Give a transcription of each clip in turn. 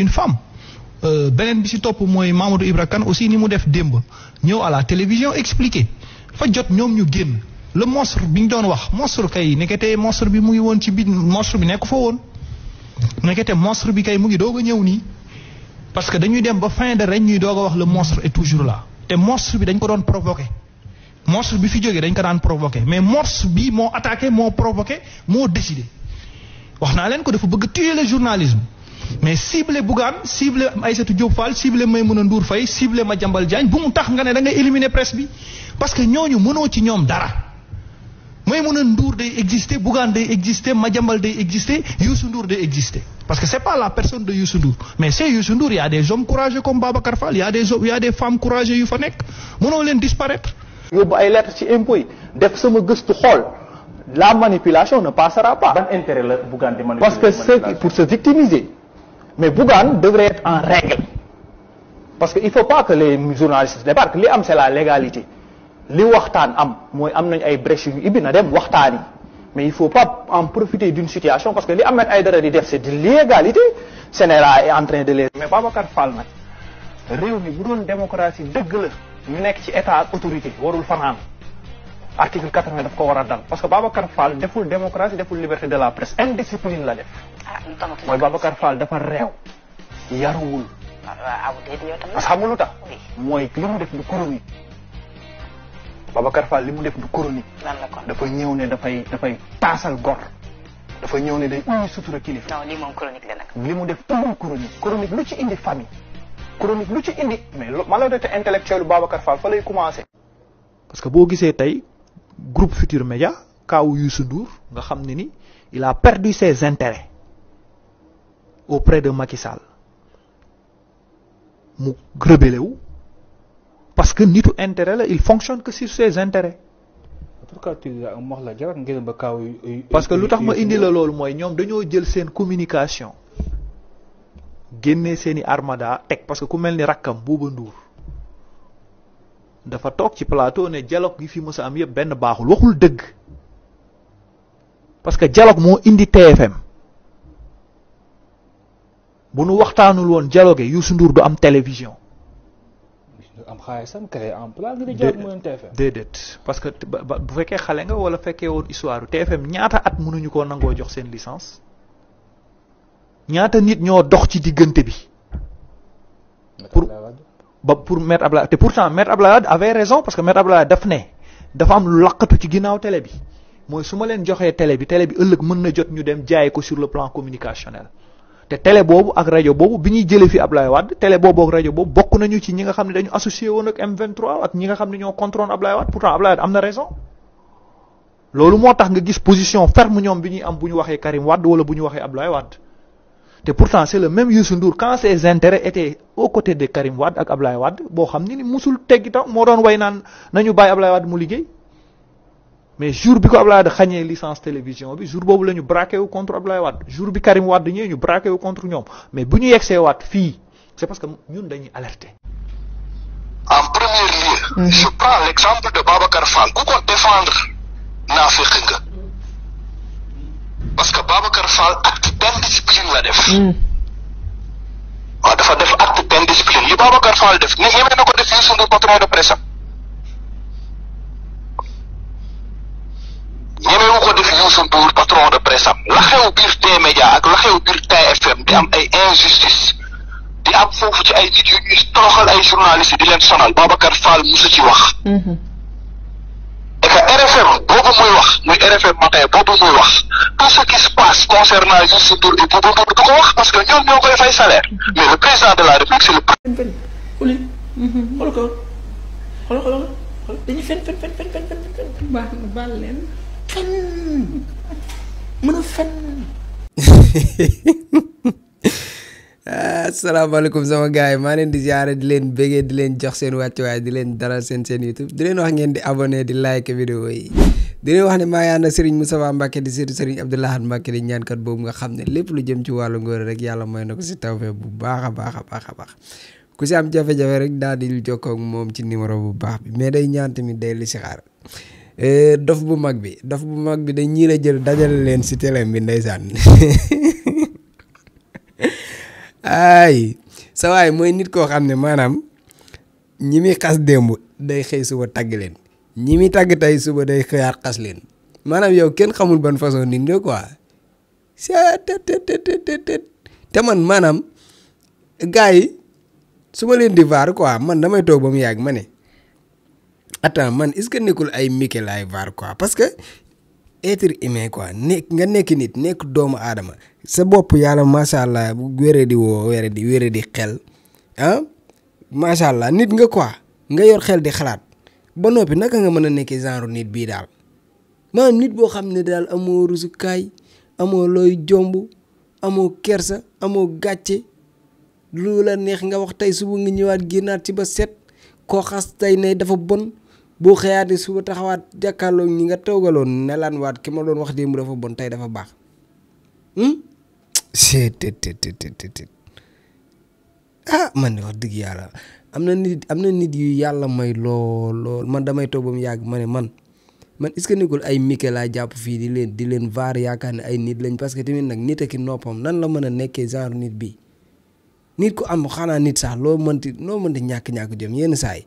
une femme euh, benen bi si topp mooy Mamadou de Kane aussi ni mu def démb ñëw à la télévision expliqué fa jot ñoom ñu génn le monstre bi ñu doon wax monstre kay nekkete monstre bi mu ngi woon ci biir monstre bi nekk fa woon nekkete monstre bi kay mu ngi doog a ni parce que dañuy dem ba fin de règne ñuy doog wax le monstre est toujours là te monstre bi dañ ko doon provoqué monstre bi fi jógee dañ ko daan provoqué mais monstre bi moo attaqué moo provoqué moo décidé wax naa ko dafa bëgg tuer le journalisme mais cible ay ciblé Bougane ciblé Aïssatou Diop mën a Maïmouna fay cible ma Madiambal Diagne bu mu tax nga ne da ngay éliminer presse bi parce que ñooñu mënoo ci ñoom dara. Maïmouna Ndour day exister Bougane day exister Madiambal day exister Youssou Ndour day exister parce que c'est pas la personne de Youssou Ndour mais c'est Youssou Ndour y a des hommes courageux comme Babacar Fall y a des hommes yu fa nekk mënoo leen disparaître. yóbbu ay lettres ci impôts def sama gëstu xool la manipulation ne passera pas. ban intérêt la Bougane mais bougan devrait être en règle parce qu'il ne faut pas que les journalistes débarquent li am c'est la légalité li waxtaan am mooy am ont ay brèches yu dem mais il ne faut pas en profiter d'une situation parce que li Ahmed Aïdara di def c'est de c'est n'est est en train de les mais Babacar Fall nag réew mi bu doon démocratie de la ñu ci état autorité warul article 80 daf ko parce que Babacar Fall la démocratie la liberté de la presse indiscipline la def mooy Babacar Fall dafa réew yaruwul waaw déet yow tamit lu def du chronique Babacar Fall li def du chronique lan la kon dafa ñëw ne dafay dafay taasal gor dafa ñëw ne day uñu sutura kilifa non lii moom chronique la lu ci indi lu ci indi mais Babacar Fall parce que gisee groupe futur media kaawu Youssou nga xam ni il a perdu ses intérêts auprès de Macky Sall mu parce que nitu intérêt là, il fonctionne que sur ses intérêts. pourquoi tu wax la jarat ngeen ba kaaw parce que lu ma indi la loolu mooy ñoom dañoo jël seen communication génne seeni armada tek, parce que ku mel ni rakkam Bouba Ndour dafa tok ci plateau ne dialogue gi fi mës am yëpp ben baaxul waxul dëgg parce que dialogue moo indi TFM bu nu waxtaanul woon dialogue Youssou Ndour du am télévision. am créé en plan de dialogue mu TFM. dedet parce que bu fekkee xale nga wala fekkee woon histoire TFM ñaata at mënuñu koo nangoo jox seen licence ñaata nit ñoo dox ci diggante bi. pour ba pour maître Abdoulaye pourtant maître avait raison parce que maître Abdoulaye daf ne dafa am lu laqatu ci ginnaaw télé bi mooy télé bi télé bi jot sur le plan communicationnel. te télé boobu ak rajo boobu bi ñuy jële fi Ablaye Wade télé boobu ak rajo boobu bokk nañu ci ñi nga xam ne dañu associé woon ak M23 ak ñi nga xam ne ñoo contrôle Ablaye Wade pourtant Ablaye Wade am na raison loolu moo tax nga gis position ferme ñoom bi ñuy am bu ñu waxee Karim Wade wala bu ñu waxee Ablaye Wade te pourtant c'est le même Youssou Ndour quand ses intérêts étaient aux côtés de Karim Wade ak Ablaye Wade boo xam ni ni musul teggi moo doon way naan nañu bàyyi Ablaye Wade mu liggéey mais jour bi ko Ablaye Wade licence télévision bi jour bobu lañu braqué wu contre Ablaye Wade jour bi Karim wad ñëwee ñu braqué wu contre ñom mais si ñu wat fi c'est parce que ñun dañuy alerter. en premier lieu. Mhm. je prends l'exemple de Babacar Fall ku ko défendre na fekk nga. parce que Babacar Fall acte d'indiscipline la def. Mhm. waaw dafa def acte d'indiscipline li Babacar Fall def ñeme na ko def Youssou Ndour de presse ñemewu ko def Youssou Ndour patron de presse am la xew biir D-Média ak la xew biir TFM di am ay injustice di am foofu ci ay nit yu ñuy toroxal ay journalistes di leen sonal Babacar Fall musu ci wax mhm. et que RFM boobu muy wax muy RFM matin boobu muy wax tout ce qui se passe concernant Youssou Ndour et boobu du ko wax parce que ñoom ñoo koy fay salaire mais le président de la République c'est le président. dañu fen fen fen fen fen fen baax na baal leen fen mën a fen asalaamaaleykum ah, sama gars yi maa leen di ziare di leen bëggee di leen jox seen wàcc waaye di leen dalal seen seen YouTube di leen wax ngeen di abonné di like vidéo yi di leen wax ne maa ngi ànd ak Serigne Moustapha Mbacke di seetu Serigne Abdoulahad Mbacke di ñaankat boobu nga xam ne lépp lu jëm ci wàllu ngóor rek yàlla mooy na ko si tawfeex bu baax a baax a baax a baax ku si am jafe-jafe rek daal di jokkoo moom ci numéro bu baax mais day ñaan tamit Eh, dof bu mag bi dof bu mag bi dañ ñii la jël dajale leen si télé bi ndeysaan ay sa waay mooy nit koo xam ne maanaam ñi muy xas démb day xëy suba tagg leen ñi muy tagg tey suba day xëyaat xas leen maanaam yow kenn xamul ban façon nit nga quoi te man maanaam gars yi su leen di vaar quoi man damay toog ba mu yàgg ma ne attends man est-ce que nekkul ay mike laay vaar quoi parce que être humain quoi nekk nga nekk nit nekk doomu aadama sa bopp yàlla macha allah bu wéree di woo wéree di wéree di xel ah macha allah nit nga quoi nga yor xel di xalaat ba noppi naka nga mën a nekkee genre nit bii daal maanaam nit boo xam ne daal amoo rusukaay amoo looy jomb amoo kersa amoo gàcce lu la neex nga wax tey suba nga ñëwaat génnaat ci ba set koo xas tey ne dafa bon boo xëyaatee suba taxawaat jàkkaarloo ñi nga toogaloon ne waat ki ma doon wax démb dafa bon tey dafa baax. seetetetetetet hmm? ah man de wax dëgg yàlla am na nit am na nit yu yàlla may lool lool man damay toog mu yàgg ma ne man man est ay mike jàpp fii di leen di leen vaar yaakaar ne ay nit lañ parce que tamit nag nit ak noppam nan la mën a nekkee genre nit bi nit ku am xanaa nit sax loo mënti loo mënti ñàkk-ñàkk jëm yenn saa yi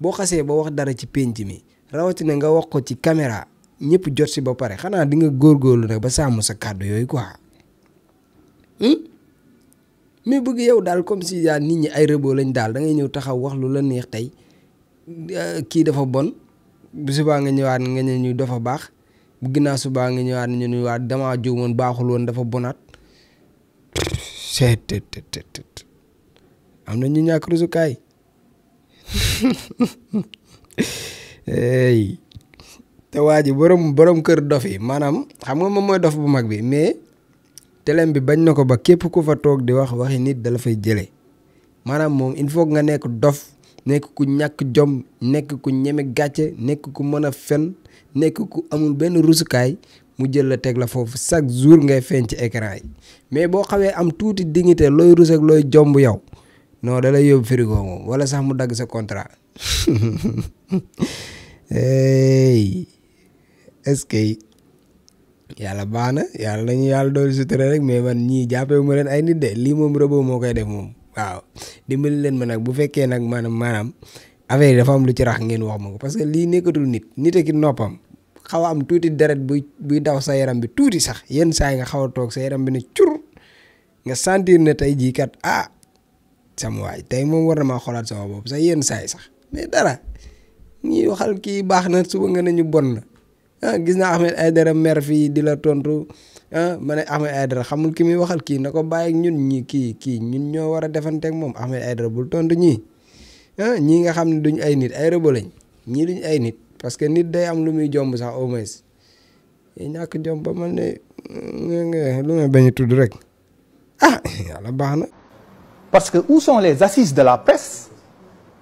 boo xasee ba wax dara ci pénc mi rawatina nga wax ko ci caméra ñëpp jot si ba pare xanaa di nga góorgóorlu nag ba sàmm sa kàddu yooyu quoi hmm? mais bëgg yow daal comme si ya nit ñi ay rëboo lañ dal da ngay ñëw taxaw wax lu la neex tey euh, kii dafa bon bu subaa nga ñëwaat nga ne ñu dafa baax bu ginnaaw subaa nga ñëwaat ñu ñëwaat damaa juumoon baaxul woon dafa bonaat ñu ey te waa ji borom borom kër dof yi maanaam xam nga moom mooy dof bu mag bi mais telem bi bañ na ko ba képp ku fa toog di wax waxi nit dala fay jëlee maanaam moom il foog nga nekk dof nekk ku ñàkk jom nekk ku ñeme gàcce nekk ku mën a fen nekk ku amul benn rusukaay mu jël la teg la foofu chaque jour ngay feeñ ci écran yi mais boo xawee am tuuti dignité looy rus looy jomb yow non da lay yóbbu frigo moom wala sax mu dagg sa contrat hey est-ce yàlla baax na yàlla nañu yàlla dool sutura rek mais man ñii jàppee ma leen ay nit de lii moom rëboo moo koy def moom waaw dimbali leen ma nag bu fekkee nag maanaam maanaam affaire yi dafa am lu ci rax ngeen wax ma ko parce que lii nekkatul nit nit ki noppam xaw am tuuti deret buy buy daw sa yaram bi tuuti sax yenn saa yi nga xaw a toog sa yaram bi ne cur nga sentir na tey jii kat ah. sama way tay mom war na ma xoolaat sama bop sax yeen say sax mais dara ñi waxal ki bax na suba nga nañu bon na ah gis na Ahmed Aidara mer fi di la tontu ah mané Ahmed Aidara xamul ki mi waxal ki nako ko bàyyi ñun ñi ki ki ñun ño wara defante ak mom Ahmed Aidara bu tontu ñi ah ñi nga xamni duñ ay nit ay rëbo lañ ñi duñ ay nit parce que nit day am lu muy jom sax au moins ñi ñàkk jom ba man mm, nga lu may bañ a tudd rek ah yalla baax na. Parce que où sont les assises de la presse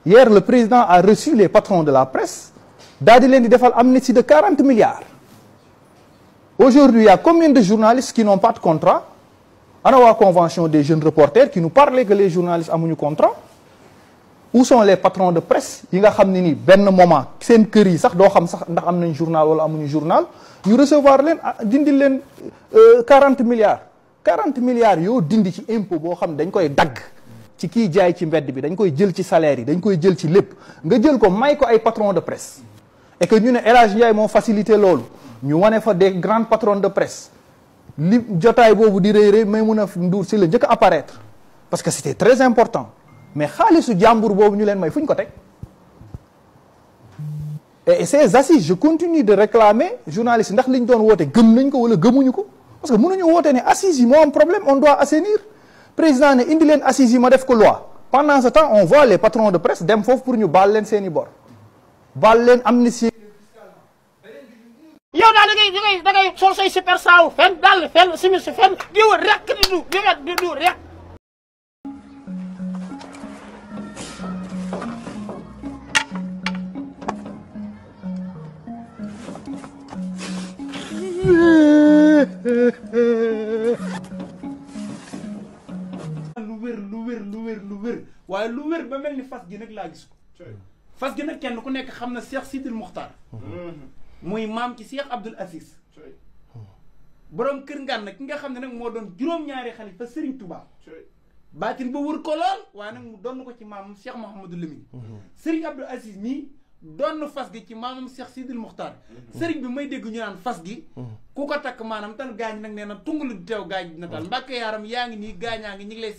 Hier, le président a reçu les patrons de la presse. il a Defal amnistie de 40 milliards. Aujourd'hui, il y a combien de journalistes qui n'ont pas de contrat On eu la convention des jeunes reporters qui nous parlait que les journalistes ont un contrat. Où sont les patrons de presse Ils ne savent pas ben moment, c'est une crise, ils ne savent pas un journal ou un journal. Ils recevoir 40 ah, euh, milliards. 40 milliards, ils ont un impôts, qui ont dag ci ki jaay ci mbedd bi dañ koy jël ci salaire yi dañ koy jël ci lépp nga jël ko may ko ay patron de presse et que ñu ne El Hadj Ndiaye moo facilité loolu ñu wane fa des grands patrons de presse li jotaay boobu di rëy rëy may mun a nduur si la njëkk apparaître parce que c'était très important mais xaalisu jàmbur boobu ñu leen may fuñ ko teg et ces assises je continue de réclamer journalistes ndax liñ doon woote gëm nañ ko wala gëmuñu ko parce que mënuñu woote ne assises yi moo am problème on doit assainir président ne indi len assises yi ma def ko loi pendant ce temps on voit les patrons de presse dem pour ñu baal leen seen bor baal leen amnistie yow daal da ngay da ngay da ngay sol say super saw fen dal fen simis fen di rek di du di rek di du rek wër ba melni fas gi nak la gis ko fas gi nak kenn ku nek xamna Cheikh Sidil mukhtar mm-hmm. muy mam ci Cheikh abdul Aziz borom keur ngan nak ki nga xamne nak mo don juroom ñaari khalifa Serigne Touba batin bu wër ko lol wa nak mu don ko ci mam Cheikh mohammed Lamine mm-hmm. Serigne abdul Aziz ni Don fas gi ci maamam Cheikh Sidil mukhtar mm-hmm. Serigne bi may deg ñu nan fas gi ku ko tak manam tan gañ nak neena tungul tungalu di teew gaañ na dal yaram yaangi ni gañ yaangi ñi lay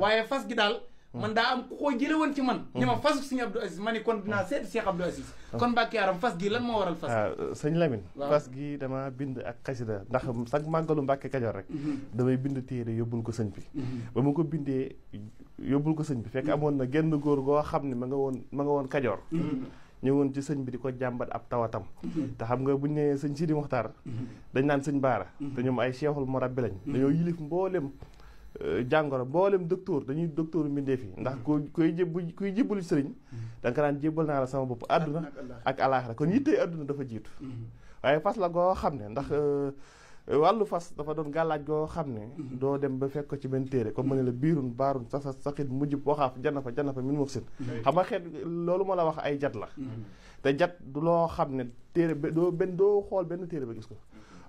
waye fas gi dal man daa am koo jële woon ci man mm-hmm. ni ma fasu sëñ Abdou Aziz ma ni kon dinaa mm-hmm. seet Cheikh Abdou Aziz mm-hmm. kon Mbàkke Yaaram fas gi lan moo waral fas waaw ah, sëñ Lamine fas gi damaa bind ak xasida ndax sax màggalu Mbàkke Kajoor rek damay bind téere yóbbul ko sëñ bi ba ma ko bindee yóbbul ko sëñ bi fekk amoon na genn góor goo xam ne ma nga woon ma nga woon Kajoor ñëwoon ci sëñ bi di ko jàmbat ab tawatam te xam nga buñ nee sëñ Sidi Moxtaar dañ naan sëñ Baara te ay cheikhul murabbi lañ dañoo yilif Euh, jàngoro mboolem docteur dañuy docteur mbindeef yi ndax ku kuy jébbu kuy jébbalu sëriñ mm-hmm. da nga naan naa la sama bopp àdduna ak alaaxira kon yittee àdduna dafa jiitu mm-hmm. waaye fas la goo xam ne ndax mm-hmm. euh, euh, wàllu fas dafa doon gàllaaj goo xam ne doo dem ba fekk ko ci benn téere comme ne la biirun baarun sasa saxit mujjub waxaaf jana fa jana fa min muksin xam nga xeet loolu ma la wax ay jat la te jat du loo xam ne téere ba doo benn doo xool benn téere ba gis ko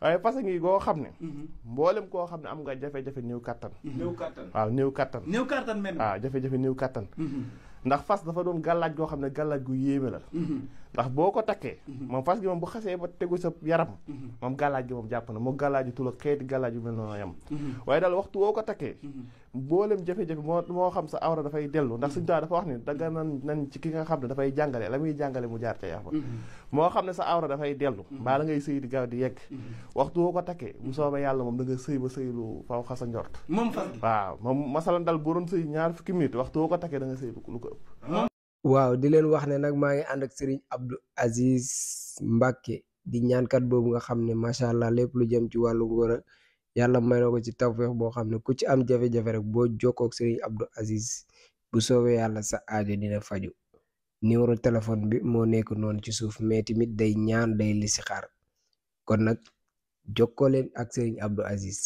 waaye fas ngi goo xam ne mhm. mboolem koo xam ne am nga jafe-jafe néew kàttan néew kàttan waaw néew kattan néew kattan waaw jafe-jafe néew kattan mhm. ndax fas dafa doon gàllaaj goo xam ne gàllaaj gu yéeme la mhm. ndax boo ko takkee mhm. moom fas gi moom bu xasee ba tegu mhm. jàpp na moo gàllaaju tula xeeti gàllaaj yu mel noonu yam waaye daal waxtu woo ko takkee mboolem jafe moo moo xam sa awra dafay dellu ndax suñu taa dafa wax ni daga nan ki nga xam ne dafay jàngale la muy jàngale mu jaar ca moo xam ne sa awra dafay dellu mbaa la ngay sëy di gaaw di yegg waxtu woo ko takkee bu soobee yàlla moom da nga sëy ba sëy lu faw xasa njort moom fas waaw moom dal boo doon sëy ñaar fukki minute waxtu woo ko takkee da sëy waaw di leen wax ne nag maa ngi ànd ak Serigne Abdou Aziz Mbacke di ñaankat boobu nga xam ne macha allah lépp lu jëm ci wàllu ngóora yàlla may ko ci taw tawféex boo xam ne ku ci am jafe-jafe rek boo jokkoo ak Serigne Abdou bu soowee yàlla sa aajo dina faju numéro téléphone bi moo nekk noonu ci suuf mais tamit day ñaan day listixaar kon nag jokkoo leen ak Serigne Abdou Aziz.